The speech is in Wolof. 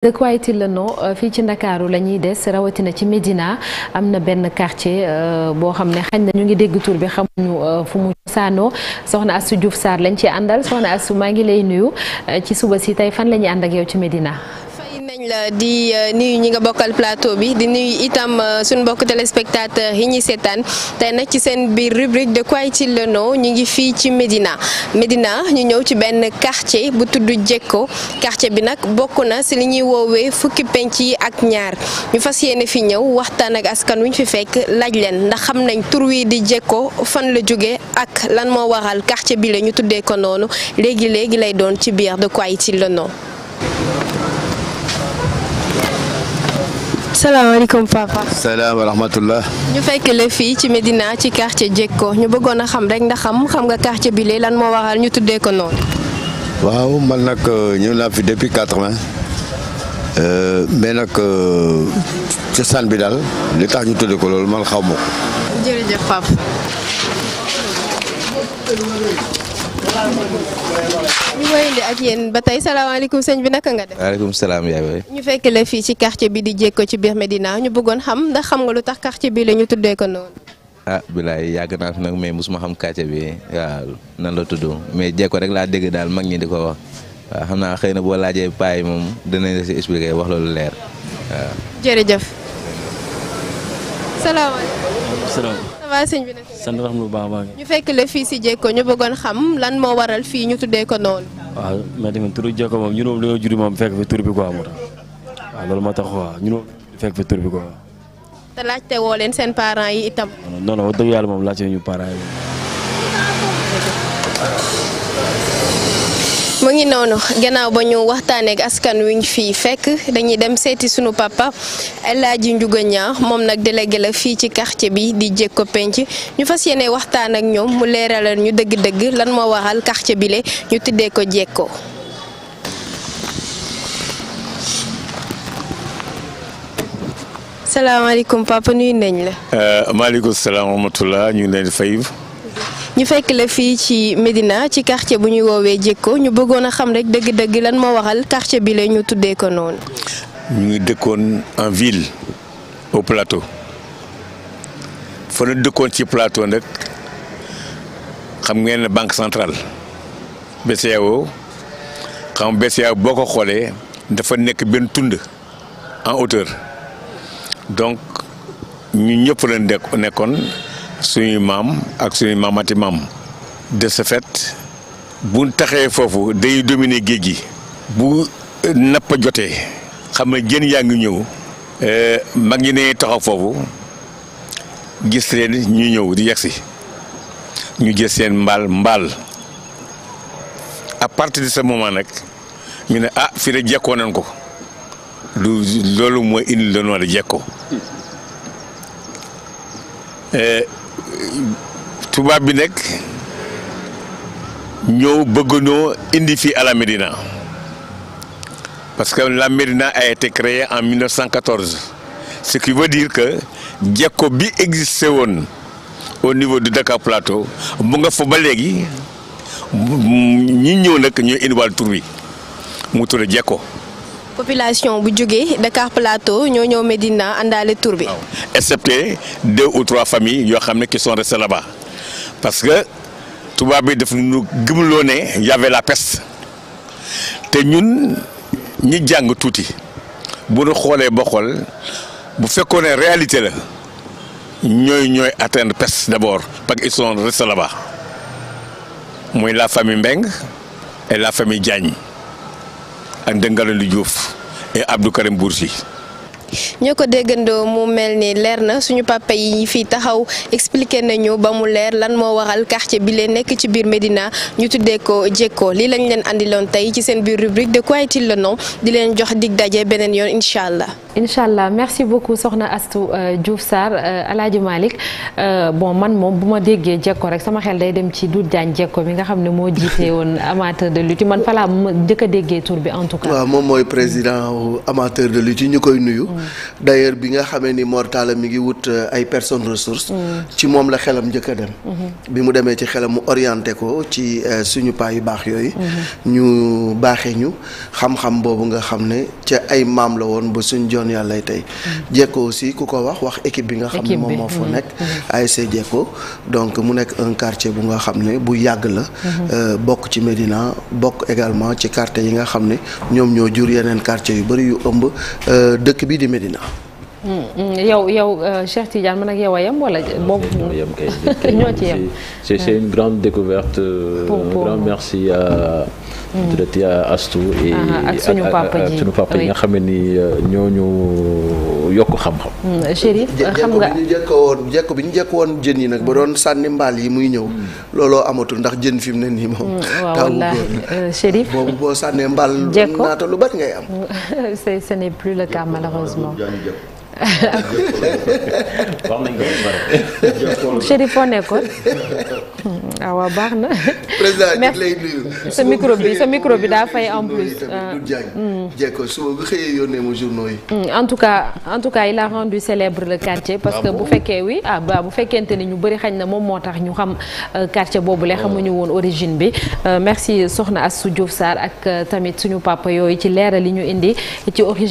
dëkkuwaay Tileno euh, fii ci Ndakaaru la ñuy des rawatina ci Médina am na benn quartier euh, boo xam ne xañ na ñu ngi dégg tur bi xamuñu euh, fu mu saanoo soxna Astou Diouf saar lañ ci àndal soxna Astou maa ngi lay nuyu ci suba si tey fan la ñuy ànd ak ci Médina. la di euh, nuyu ñi nga bokkal plateau bi di nuyu itam euh, suñu mbokk téléspectateur yi ñuy seetaan te nag ci seen biir rubrique de quoi est-il le ñu ngi fii ci Médina Médina ñu ñëw ci benn quartier bu tudd Jekko quartier bi nag bokk na si li ñuy woowee fukki penc yi ak ñaar ñu fas yéene fi ñëw waxtaan ak askan ñu fi fekk laaj leen ndax xam nañ tur wi di Jekko fan la jóge ak lan moo waral quartier bi la ñu tuddee ko noonu léegi léegi lay doon ci biir de quoi est-il le salaamaaleykum papa. salaam wa rahmatullah. ñu fekk la fii ci Medina ci quartier Jekko ñu bëggoon a xam rek ndax xam xam nga quartier bi lan moo waral ñu tuddee ko noonu. waaw man nag euh, ñëw naa fi depuis quatre-vingt euh, mais nag euh, cosaan bi daal li tax ñu tuddee ko loolu man xaw ma ñu wéyandi ak ba tey salaamaaleykum sëñ bi naka nga def. salaam ñu fekk la fii ci quartier bi di jékko ci biir Medina ñu bëggoon xam ndax xam nga lu tax quartier bi la ñu tuddee ko noonu. ah bilaay yàgg naa fi nag mais mosuma xam quartier bi waaw nan la tudd mais jékko rek laa dégg daal mag ñi di ko wax waaw xam naa xëy na boo laajee paa yi moom dinañ si expliquer wax loolu leer waaw. jërëjëf. salaamaaleykum. salaamaaleykum. sëñ bi naka sant bu baax a ñu fekk la fii si Jekko ñu bëggoon xam lan moo waral fii ñu tuddee ko noonu. waaw mais tamit turu Jekko moom ñun moom dañoo juddu moom fekk fi tur bi quoi moo tax waaw loolu moo tax waaw ñun moom fekk fi tur bi quoi. te laajte woo leen seen parents yi itam. non non wax dëgg yàlla moom laajte ñu parents yi. mu ngi noonu gannaaw ba ñu waxtaanee askan wi fi fekk dañuy dem seeti sunu papa El Hadji Ndiouga Niang moom nag délégué la fii ci quartier bi di Jekko Penc ñu fas yéene waxtaan ak ñoom mu leeralal ñu dëgg-dëgg lan ma waral quartier bi le ñu tiddee ko Jekko. salaamaaleykum papa nuyu la. Euh, maaleykum salaam wa ñu fekk la fii ci Médina ci quartier bu ñuy woowee Jekko ñu bëggoon a xam rek dëgg-dëgg lan moo waral quartier bi la ñu tuddee ko noonu. ñu ngi dëkkoon en ville au plateau fa nu dëkkoon ci plateau nag xam ngeen ne banque centrale BCEAO xam BCEAO boo ko xoolee dafa nekk benn tund en hauteur donc ñu ñëpp la nekkoon. suñuy maam ak suñuy maamati maam des ce fait bu taxee foofu day dominer géej gi bu napp jotee xam ne jën yaa ngi ñëw eh, mag ñi ne taxaw foofu gis leen ñu ñëw di yegsi ñu jël seen mbaal mbaal à partir de ce moment nag ñu ne ah fii de jekkoo nañ ko lu loolu mooy indi le nom de jekko eh, tubaab bi nag ñoo bëggnoo indi fii à la Médina parce que la Médina a été créée en 1914 ce qui veut dire que jekko bi existé woon au niveau du Dakar Plateau mu nga fa ba léegi ñi ñëw nag ñoo indiwaal tur wi mu tudd jekko population bu jógee Dakar palaato ñoo ñëw Médina àndaale tur bi. excepté deux ou trois famille yoo xam ne qui sont restées là parce que tubaab bi daf ñu gëmloo ne y la peste te ñun ñi jàng tuuti bu nu xoolee ba xool bu fekkoon réalité la ñooy ñooy atteindre peste d'abord parce que sont restés là muy la famille Mbeng et la famille Diagne. Anta lu Diouf et Abdou Karim Bourgi. ñoo ko déggandoo mu mel ni leer na suñu papa yi fii taxaw expliqué nañu ba mu leer lan moo waral quartier bi leen nekk ci biir Médina ñu tuddee ko Jekko lii lañ leen indiloon tey ci seen biir rubrique de quoi est-il nom di leen jox dig daje beneen yoon incha allah. incha allah merci beaucoup soxna Astou euh, Diouf Sarr euh, alaaji Malick euh, bon man moom bu ma déggee jekko rek sama xel day dem ci du Diagne jekko mi nga xam ne moo jiite woon amateur de lutte man falaa ma njëkk a déggee tur bi en tout cas. waaw moom mooy président amateur de lutte ñu koy nuyu. Mm. d'ailleurs bi nga xamee ni Mortala mi ngi wut ay personnes ressources. Mm. ci moom la xelam njëkk a dem. Mm-hmm. bi mu demee ci xelam mu orienté ko ci suñu paa yu baax yooyu. Mm-hmm. ñu baaxee ñu xam-xam boobu nga xam ne maam la woon ba suñu yoon yàllay tey Jekko aussi ku ko wax wax équipe bi nga xam ne moom moo fa mm-hmm. nekk mm-hmm. ASC Jekko donc mu nekk un quartier bu nga xam ne bu yàgg la mm-hmm. euh, bokk ci Médina bokk également ci quartier yi nga xam ne ñoom ñoo jur yeneen quartier yu bëri yu ëmb euh, dëkk bi di Médina yow yow euh, Cheikh Tidiane man ak yow a yem wala ah, boobu. ñoo ci yem Mm. tuddati ah, astu ak suñu papa ji yi nga xam ne ni eh, ñooñu yokk xam-xam. Mm, Chérif xam nga jekko woon jekko bi ñu jekko woon jën yi nag ba doon sànni mbaal yi muy ñëw. Mm. looloo amatul ndax jën fi mu ne nii moom. waaw euh, boobu boo sànnee mbaal. jekko naata lu bari ngay am. ce n'est plus le cas malheureusement. wax nañ ko waaw baax na. président sa micro bi sa micro bi daa fay en plus. Ah. Mm. jekko suba bi mm. en tout cas en tout cas il a rendu célèbre le quartier. parce ah que bu fekkee oui ah ba bu fekkente ni ñu bëri xañ na moom moo tax ñu xam euh, quartier boobu la ah. xamuñu woon origine bi. Euh, merci soxna Astou Diouf Sarr ak euh, tamit suñu papa yooyu ci leeral li ñu indi ci origine.